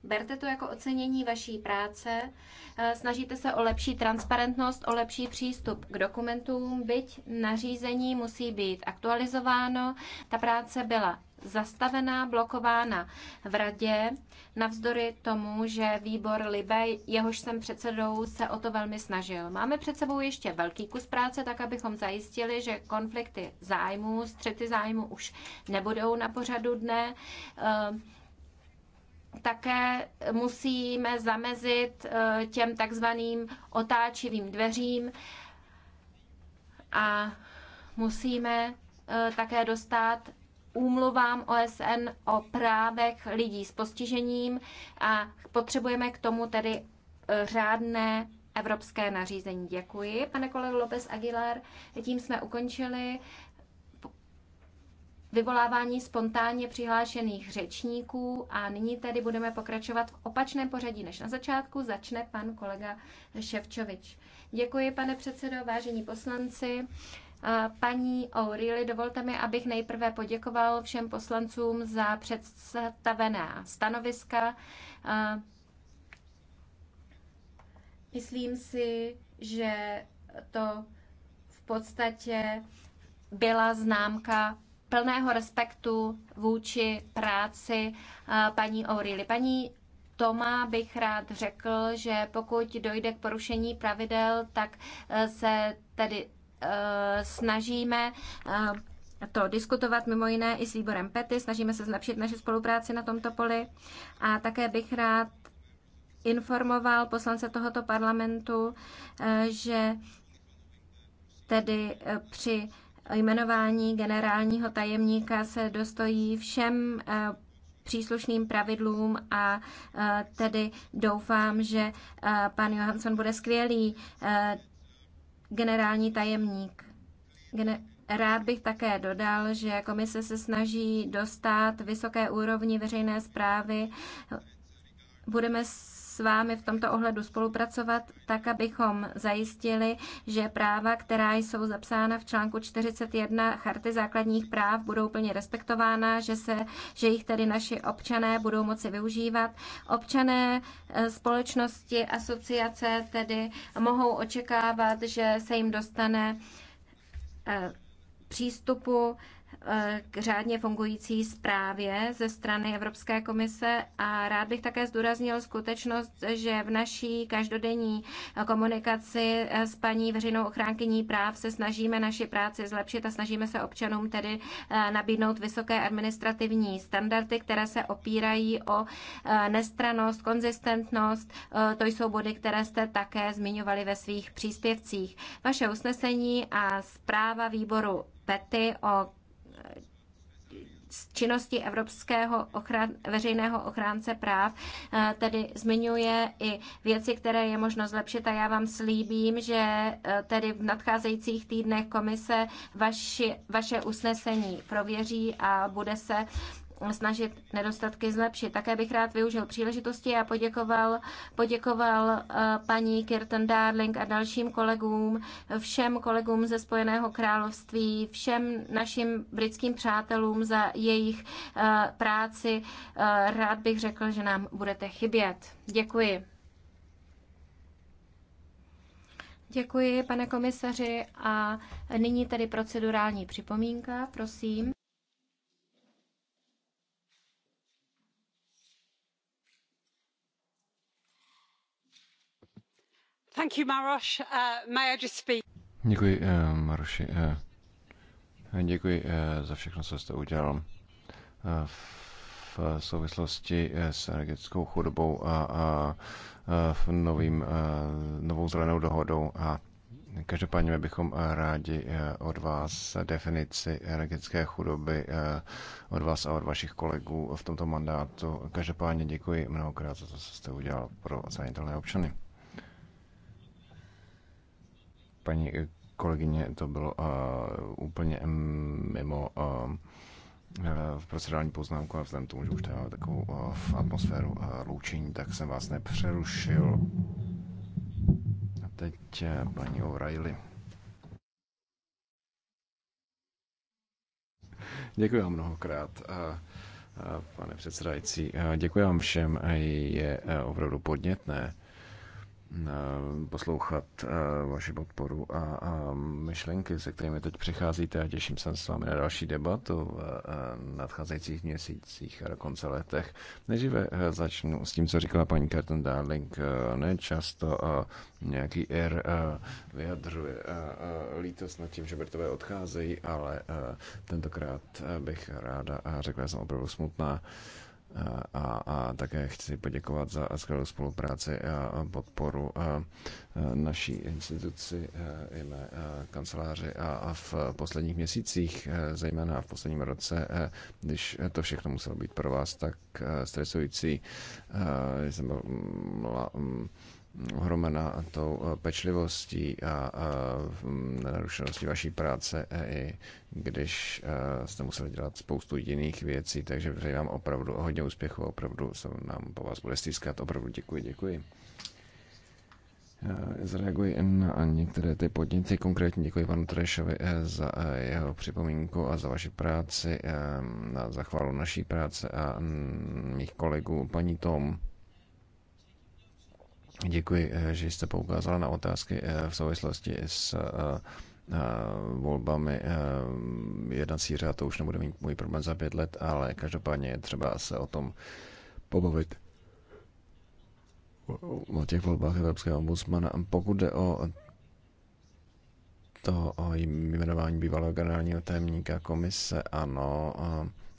Berte to jako ocenění vaší práce. Eh, snažíte se o lepší transparentnost, o lepší přístup k dokumentům, byť nařízení musí být aktualizováno. Ta práce byla zastavená, blokována v radě, navzdory tomu, že výbor Libe, jehož jsem předsedou, se o to velmi snažil. Máme před sebou ještě velký kus práce, tak abychom zajistili, že konflikty zájmů, střety zájmu už nebudou na pořadu dne eh, také musíme zamezit eh, těm takzvaným otáčivým dveřím a musíme eh, také dostat úmluvám OSN o právech lidí s postižením a potřebujeme k tomu tedy eh, řádné evropské nařízení. Děkuji, pane kolego López Aguilar. Tím jsme ukončili vyvolávání spontánně přihlášených řečníků a nyní tedy budeme pokračovat v opačném pořadí než na začátku. Začne pan kolega Ševčovič. Děkuji, pane předsedo, vážení poslanci. Paní O'Reilly, dovolte mi, abych nejprve poděkoval všem poslancům za představená stanoviska. Myslím si, že to v podstatě byla známka plného respektu vůči práci eh, paní O'Reilly. Paní Toma bych rád řekl, že pokud dojde k porušení pravidel, tak eh, se tedy eh, snažíme to diskutovat mimo jiné i s výborem PETY, snažíme se zlepšit naše spolupráci na tomto poli a také bych rád informoval poslance tohoto parlamentu, že tedy při jmenování generálního tajemníka se dostojí všem eh, příslušným pravidlům a eh, tedy doufám, že eh, pan Johansson bude skvělý generální tajemník. Rád bych také dodal, že komise se snaží dostat vysoké úrovni veřejné zprávy. Budeme s vámi v tomto ohledu spolupracovat, tak abychom zajistili, že práva, která jsou zapsána v článku 41 Charty základních práv, budou plně respektována, že, se, že jich tedy naši občané budou moci využívat. Občané eh, společnosti, asociace tedy mohou očekávat, že se jim dostane eh, přístupu k řádně fungující zprávě ze strany Evropské komise a rád bych také zdůraznil skutečnost, že v naší každodenní komunikaci s paní veřejnou ochránkyní práv se snažíme naši práci zlepšit a snažíme se občanům tedy eh, nabídnout vysoké administrativní standardy, které se opírají o eh, nestranost, konzistentnost. Eh, to jsou body, které jste také zmiňovali ve svých příspěvcích. Vaše usnesení a zpráva výboru PETY o činnosti Evropského ochran, veřejného ochránce práv, eh, tedy zmiňuje i věci, které je možno zlepšit a já vám slíbím, že eh, tedy v nadcházejících týdnech komise vaši, vaše usnesení prověří a bude se snažit nedostatky zlepšit. Také bych rád využil příležitosti a poděkoval, poděkoval eh, paní Kirten Darling a dalším kolegům, všem kolegům ze Spojeného království, všem našim britským přátelům za jejich eh, práci. Eh, rád bych řekl, že nám budete chybět. Děkuji. Děkuji, pane komisaři. A nyní tedy procedurální připomínka, prosím. Děkuji, Maroši. děkuji za všechno, co jste udělal. Eh, v souvislosti eh, s energetickou chudobou a, a, a eh, novým, novou zelenou dohodou a Každopádně my bychom rádi od vás definici energetické chudoby od vás a od vašich kolegů v tomto mandátu. Každopádně děkuji mnohokrát za to, co jste udělal pro zranitelné občany paní eh, kolegyně, to bylo uh, úplně mm, mimo uh, v procedurální poznámku a vzhledem tomu, že už tady máme takovou uh, atmosféru uh, loučení, tak jsem vás nepřerušil. A teď uh, paní O'Reilly. Děkuji vám mnohokrát. Uh, Pane předsedající, děkuji vám všem. Je opravdu podnětné Eh, poslouchat eh, vaši podporu a, a myšlenky, se kterými teď přicházíte a těším se s vámi na další debatu v eh, nadcházejících měsících a dokonce letech. Nejdříve začnu s tím, co říkala paní Carton Darling. Nečasto a nějaký R vyjadřuje lítost nad tím, že Britové odcházejí, ale tentokrát bych ráda řekla, že jsem opravdu smutná a, a také chci poděkovat za skvělou spolupráci a podporu naší instituci a, kanceláři a v posledních měsících, zejména v posledním roce, když to všechno muselo být pro vás tak stresující, jsem m, ohromená tou eh, pečlivostí a mm, nenarušeností vaší práce, eh, i když eh, jste museli dělat spoustu jiných věcí, takže přeji vám opravdu hodně úspěchu, opravdu se nám po vás bude stýskat, opravdu děkuji, děkuji. Zareaguji na některé ty podněty. Konkrétně děkuji panu Trešovi za jeho připomínku a za vaši práci, za chválu naší práce a mm, mých kolegů, paní Tom Děkuji, eh, že jste poukázala na otázky eh, v souvislosti s eh, volbami jednací řád, to už nebude mít můj problém za pět let, ale každopádně je třeba se o tom pobavit o těch volbách Evropského ombudsmana. Pokud jde o to o jmenování bývalého generálního tajemníka komise, ano,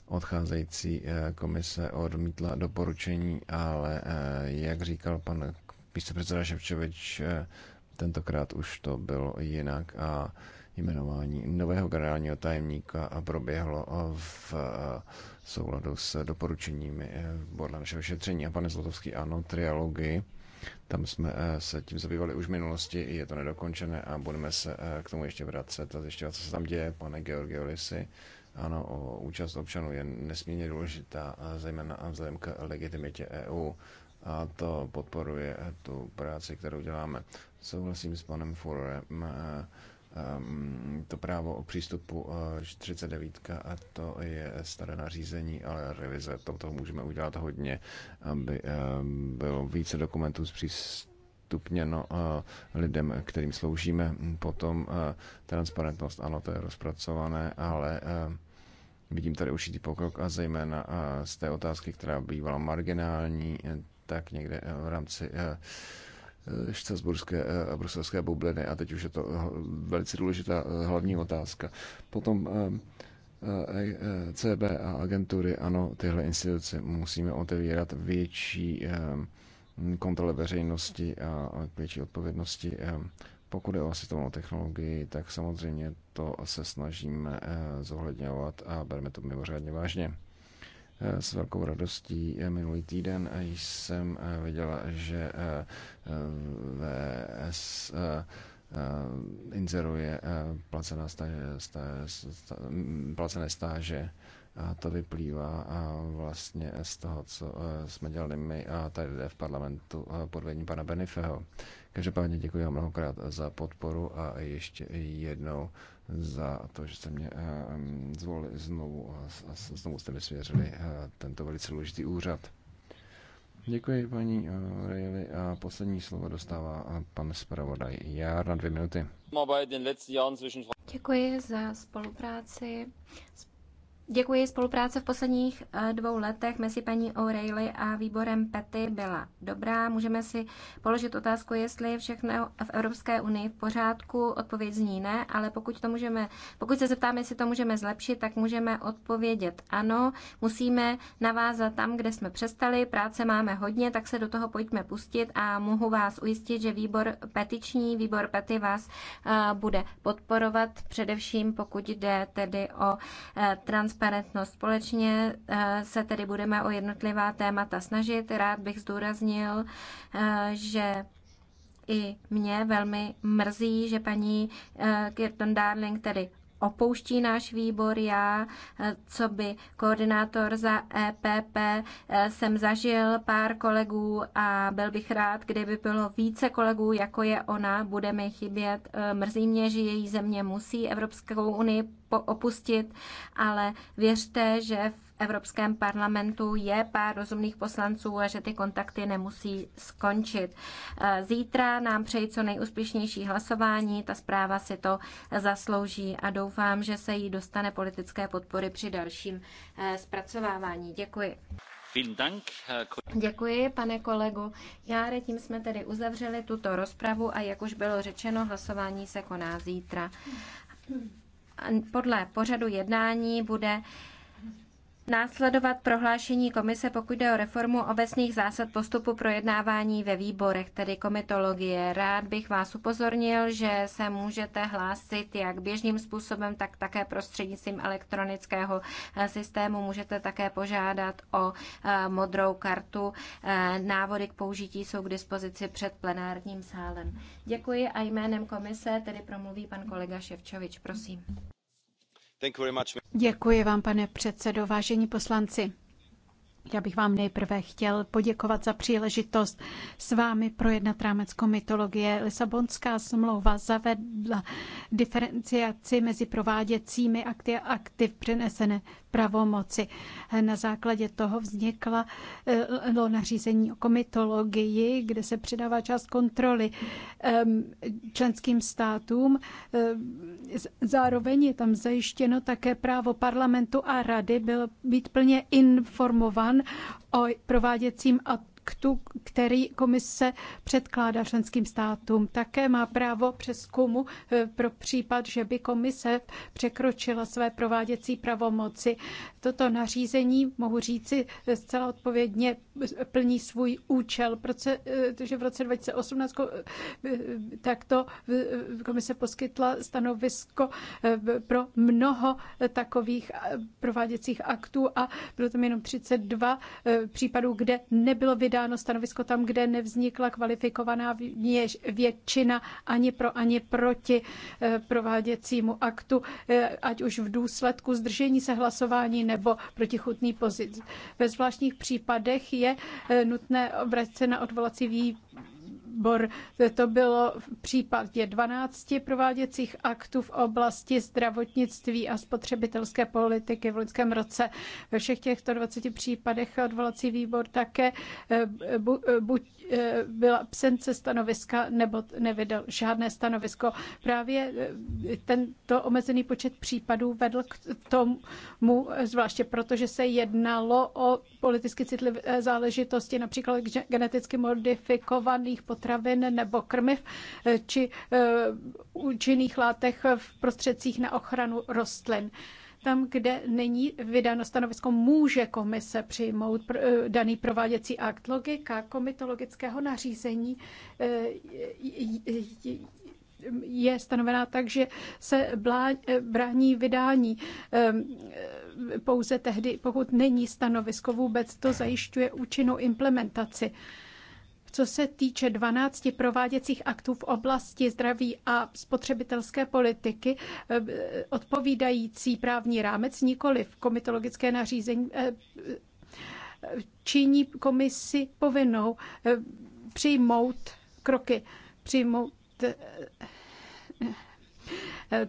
odcházející komise odmítla doporučení, ale jak říkal pan místopředseda Ševčovič, eh, tentokrát už to bylo jinak a jmenování nového generálního tajemníka a proběhlo v eh, souladu s doporučeními eh, podle našeho šetření. A pane Zlotovský, ano, trialogy. Tam jsme se tím zabývali už v minulosti, je to nedokončené a budeme se k tomu ještě vracet a zjišťovat, co se tam děje, pane Georgiolisi. Ano, účast občanů je nesmírně důležitá, zejména vzhledem k legitimitě EU a to podporuje tu práci, kterou děláme. Souhlasím s panem Furorem, eh, eh, to právo o přístupu 39 eh, a to je staré nařízení, ale revize, toho můžeme udělat hodně, aby bylo více dokumentů zpřístupněno lidem, kterým sloužíme. Potom transparentnost, ano, to je rozpracované, ale vidím tady určitý pokrok a zejména z té otázky, která bývala marginální, tak někde eh, v rámci eh, eh, štrasburské a bruselské bubliny. A teď už je to velice důležitá hlavní otázka. Potom CB a agentury, ano, tyhle instituce musíme otevírat větší kontrole veřejnosti a větší odpovědnosti. Pokud je o asistovanou technologii, tak samozřejmě to se snažíme zohledňovat a bereme to mimořádně vážně. Eh, s velkou radostí eh, minulý týden eh, jsem viděla, že VS Eh, inzeruje eh, placená stáže, stáže, mm, placené stáže a to vyplývá a eh, vlastně z toho, co jsme dělali my a tady v parlamentu pod vedením pana Benifeho. Každopádně děkuji vám mnohokrát za podporu a ještě jednou za to, že jste mě zvolili znovu a znovu jste mi svěřili tento velice důležitý úřad. Děkuji paní eh, Rejli a poslední slovo dostává eh, pan zpravodaj Jár na dvě minuty. Děkuji za spolupráci Děkuji. Spolupráce v posledních eh, dvou letech mezi paní O'Reilly a výborem PETY byla dobrá. Můžeme si položit otázku, jestli je všechno v Evropské unii v pořádku. Odpověď zní ne, ale pokud, to můžeme, pokud se zeptáme, jestli to můžeme zlepšit, tak můžeme odpovědět ano. Musíme navázat tam, kde jsme přestali. Práce máme hodně, tak se do toho pojďme pustit a mohu vás ujistit, že výbor petiční, výbor PETY vás eh, bude podporovat, především pokud jde tedy o eh, trans transparentnost. Společně eh, se tedy budeme o jednotlivá témata snažit. Rád bych zdůraznil, eh, že i mě velmi mrzí, že paní eh, Kirton Darling tedy opouští náš výbor. Já, eh, co by koordinátor za EPP, eh, jsem zažil pár kolegů a byl bych rád, kdyby bylo více kolegů, jako je ona, bude mi chybět. Eh, mrzí mě, že její země musí Evropskou unii opustit, ale věřte, že v Evropském parlamentu je pár rozumných poslanců a že ty kontakty nemusí skončit. Eh, zítra nám přeji co nejúspěšnější hlasování, ta zpráva si to zaslouží a doufám, že se jí dostane politické podpory při dalším eh, zpracovávání. Děkuji. Děkuji, pane kolego Já Tím jsme tedy uzavřeli tuto rozpravu a jak už bylo řečeno, hlasování se koná zítra. Podle pořadu jednání bude následovat prohlášení komise, pokud jde o reformu obecných zásad postupu projednávání ve výborech, tedy komitologie. Rád bych vás upozornil, že se můžete hlásit jak běžným způsobem, tak také prostřednictvím elektronického eh, systému. Můžete také požádat o eh, modrou kartu. Eh, návody k použití jsou k dispozici před plenárním sálem. Děkuji a jménem komise tedy promluví pan kolega Ševčovič. Prosím. Děkuji vám, pane předsedo, vážení poslanci. Já bych vám nejprve chtěl poděkovat za příležitost s vámi projednat rámec komitologie. Lisabonská smlouva zavedla diferenciaci mezi prováděcími akty a aktiv přenesené pravomoci. Na základě toho vznikla eh, nařízení o komitologii, kde se předává část kontroly ehm, členským státům. Eh, zároveň je tam zajištěno také právo parlamentu a rady byl být plně informován plán o prováděcím a aktu, který komise předkládá členským státům. Také má právo přeskumu eh, pro případ, že by komise překročila své prováděcí pravomoci. Toto nařízení, mohu říci, eh, zcela odpovědně eh, plní svůj účel, protože v roce 2018 takto komise poskytla stanovisko pro mnoho takových prováděcích aktů a bylo tam jenom 32 případů, kde nebylo vydáno vydáno stanovisko tam, kde nevznikla kvalifikovaná většina ani pro, ani proti eh, prováděcímu aktu, eh, ať už v důsledku zdržení se hlasování nebo protichutný pozic. Ve zvláštních případech je eh, nutné obrat se na odvolací výbor výbor. To bylo v případě 12 prováděcích aktů v oblasti zdravotnictví a spotřebitelské politiky v loňském roce. Ve všech těchto 20 případech odvolací výbor také eh, eh, buď eh, byla absence stanoviska nebo nevydal žádné stanovisko. Právě tento omezený počet případů vedl k tomu, zvláště protože se jednalo o politicky citlivé záležitosti, například geneticky modifikovaných potravin potravin nebo krmiv eh, či eh, účinných látech v prostředcích na ochranu rostlin tam, kde není vydáno stanovisko, může komise přijmout eh, daný prováděcí akt. Logika komitologického nařízení je stanovená tak, že se brání vydání pouze tehdy, pokud není stanovisko vůbec, to zajišťuje účinnou implementaci. Co se týče 12 prováděcích aktů v oblasti zdraví a spotřebitelské politiky, eh, odpovídající právní rámec, nikoli v komitologické nařízení, eh, eh, činí komisi povinnou přijmout kroky, přijmout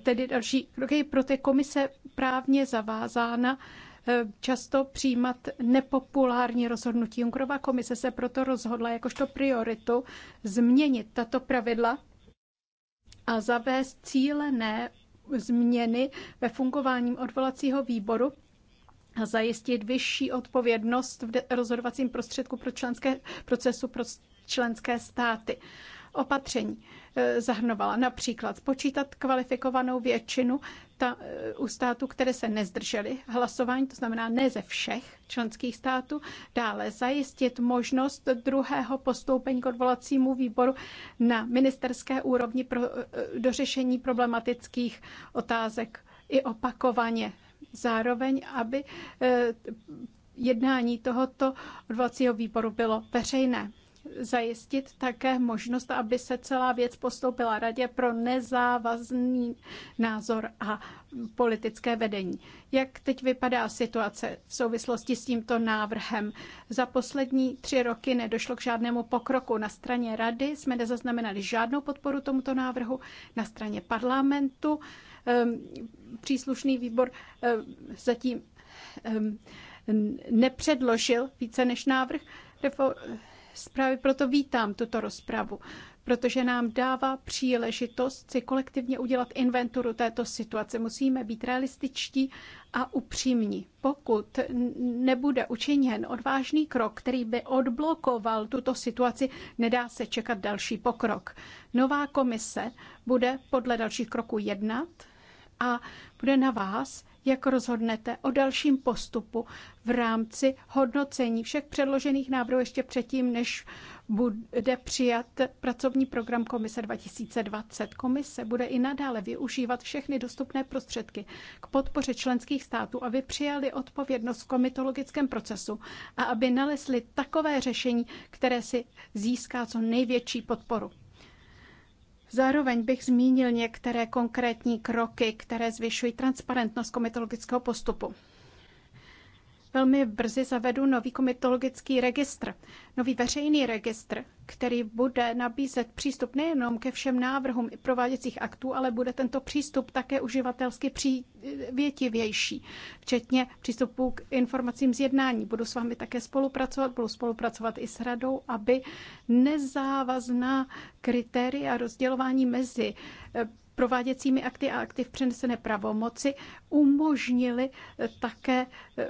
tedy další kroky, proto je komise právně zavázána Eh, často přijímat nepopulární rozhodnutí. Junkrová komise se proto rozhodla jakožto prioritu změnit tato pravidla a zavést cílené změny ve fungování odvolacího výboru a zajistit vyšší odpovědnost v rozhodovacím prostředku pro členské, procesu pro členské státy opatření eh, zahrnovala například počítat kvalifikovanou většinu ta, eh, u států, které se nezdržely hlasování, to znamená ne ze všech členských států, dále zajistit možnost druhého postoupení k odvolacímu výboru na ministerské úrovni pro eh, dořešení problematických otázek i opakovaně. Zároveň, aby jednání tohoto odvolacího výboru bylo veřejné zajistit také možnost, aby se celá věc postoupila radě pro nezávazný názor a politické vedení. Jak teď vypadá situace v souvislosti s tímto návrhem? Za poslední tři roky nedošlo k žádnému pokroku. Na straně rady jsme nezaznamenali žádnou podporu tomuto návrhu, na straně parlamentu ehm, příslušný výbor ehm, zatím ehm, nepředložil více než návrh zprávy, proto vítám tuto rozpravu, protože nám dává příležitost si kolektivně udělat inventuru této situace. Musíme být realističtí a upřímní. Pokud nebude učiněn odvážný krok, který by odblokoval tuto situaci, nedá se čekat další pokrok. Nová komise bude podle dalších kroků jednat a bude na vás, jak rozhodnete o dalším postupu v rámci hodnocení všech předložených návrhů ještě předtím, než bude přijat pracovní program Komise 2020. Komise bude i nadále využívat všechny dostupné prostředky k podpoře členských států, aby přijali odpovědnost v komitologickém procesu a aby nalesli takové řešení, které si získá co největší podporu. Zároveň bych zmínil některé konkrétní kroky, které zvyšují transparentnost komitologického postupu. Velmi brzy zavedu nový komitologický registr, nový veřejný registr, který bude nabízet přístup nejenom ke všem návrhům prováděcích aktů, ale bude tento přístup také uživatelsky přívětivější, včetně přístupu k informacím z jednání. Budu s vámi také spolupracovat, budu spolupracovat i s radou, aby nezávazná kritéria rozdělování mezi eh, prováděcími akty a akty v přenesené pravomoci umožnili eh, také eh,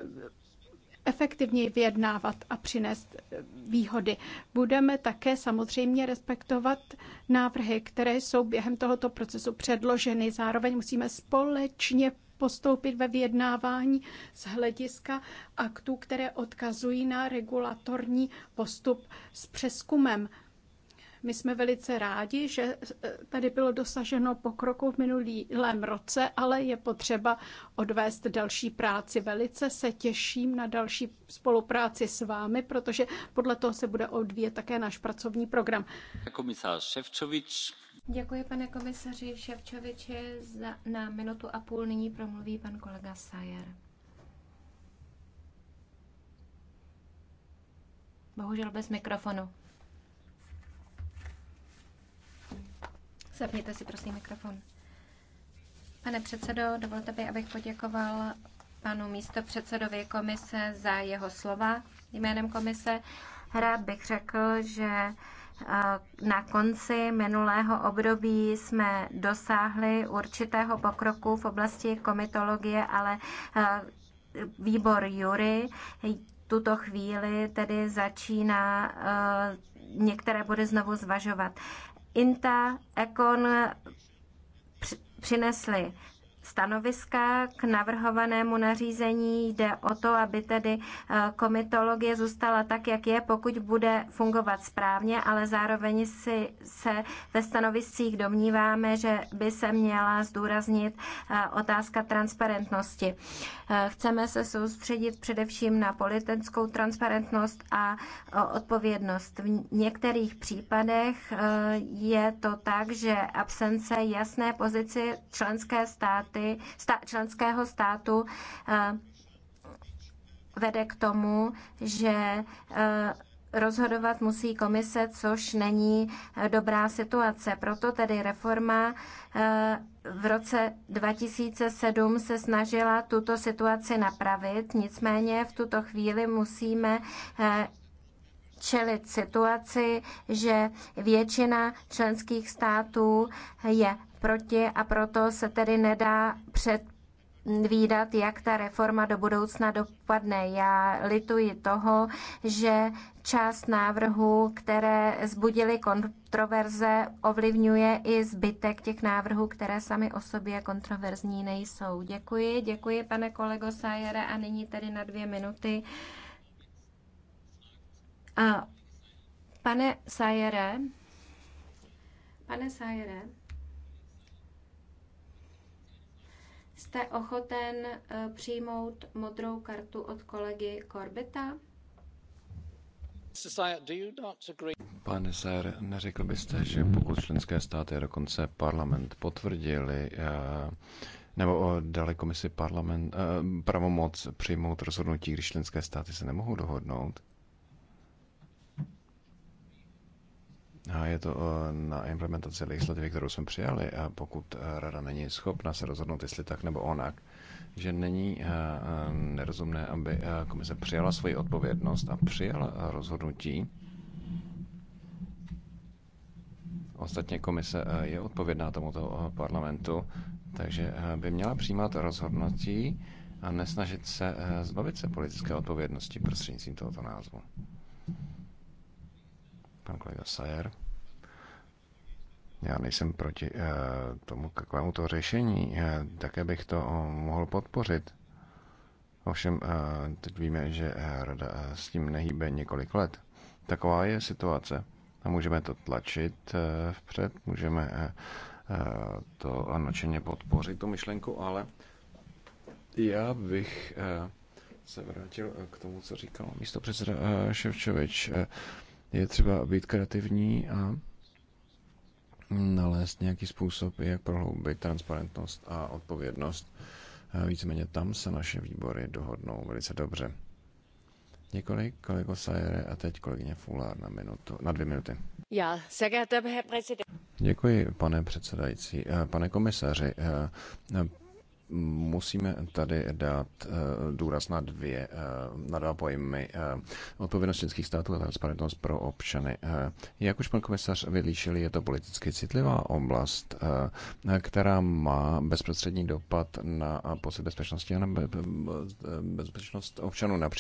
efektivněji vyjednávat a přinést eh, výhody. Budeme také samozřejmě respektovat návrhy, které jsou během tohoto procesu předloženy. Zároveň musíme společně postoupit ve vyjednávání z hlediska aktů, které odkazují na regulatorní postup s přeskumem. My jsme velice rádi, že eh, tady bylo dosaženo pokroku v minulém roce, ale je potřeba odvést další práci. Velice se těším na další spolupráci s vámi, protože podle toho se bude odvíjet také náš pracovní program. Komisář Ševčovič. Děkuji, pane komisaři Ševčoviče. Na minutu a půl nyní promluví pan kolega Sajer. Bohužel bez mikrofonu. Zapněte si prosím mikrofon. Pane předsedo, dovolte mi, abych poděkoval panu místopředsedovi komise za jeho slova jménem komise. Rád bych řekl, že eh, na konci minulého období jsme dosáhli určitého pokroku v oblasti komitologie, ale eh, výbor Jury tuto chvíli tedy začíná eh, některé body znovu zvažovat. INTA, ECON přinesly stanoviska k navrhovanému nařízení. Jde o to, aby tedy eh, komitologie zůstala tak, jak je, pokud bude fungovat správně, ale zároveň si se ve stanoviscích domníváme, že by se měla zdůraznit eh, otázka transparentnosti. Eh, chceme se soustředit především na politickou transparentnost a odpovědnost. V některých případech je to tak, že absence jasné pozici členské státy státy, stá, členského státu eh, vede k tomu, že eh, rozhodovat musí komise, což není eh, dobrá situace. Proto tedy reforma v roce 2007 se snažila tuto situaci napravit, nicméně v tuto chvíli musíme čelit situaci, že většina členských států je proti a proto se tedy nedá před výdat, jak ta reforma do budoucna dopadne. Já lituji toho, že část návrhů, které zbudily kontroverze, ovlivňuje i zbytek těch návrhů, které sami o sobě kontroverzní nejsou. Děkuji, děkuji pane kolego Sajere a nyní tedy na dvě minuty a pane Sajere, pane Sajere, jste ochoten eh, přijmout modrou kartu od kolegy Korbita? Pane Sajer, neřekl byste, že pokud členské státy a dokonce parlament potvrdili eh, nebo eh, dali komisi parlament pravomoc přijmout rozhodnutí, když členské státy se nemohou dohodnout, A je to eh, na implementaci legislativy, kterou jsme přijali. A pokud eh, rada není schopna se rozhodnout, jestli tak nebo onak, že není eh, nerozumné, aby komise přijala svoji odpovědnost a přijala rozhodnutí. Ostatně komise je odpovědná tomuto parlamentu, takže by měla přijímat rozhodnutí a nesnažit se zbavit se politické odpovědnosti prostřednictvím tohoto názvu pan kolega Sayer. Já nejsem proti eh, tomu takovému to řešení, eh, také bych to eh, mohl podpořit. Ovšem, teď víme, že rada s tím nehýbe několik let. Taková je situace a můžeme to tlačit vpřed, můžeme to nadšeně podpořit, tu myšlenku, ale já bych se vrátil k tomu, co říkal místo předseda Ševčovič. Je třeba být kreativní a nalézt nějaký způsob, jak prohloubit transparentnost a odpovědnost. Víceméně tam se naše výbory dohodnou velice dobře. Několik kolego Sajere a teď kolegyně Fulár na, minutu, na dvě minuty. Já, Děkuji, pane předsedající. Eh, pane komisaři, eh, musíme tady dát eh, důraz na dvě, eh, na dva pojmy. Eh, odpovědnost členských států a transparentnost pro občany. Jak už pan komisař vylíšil, je to politicky citlivá oblast, která má bezprostřední dopad na pocit bezpečnosti a na bezpečnost občanů například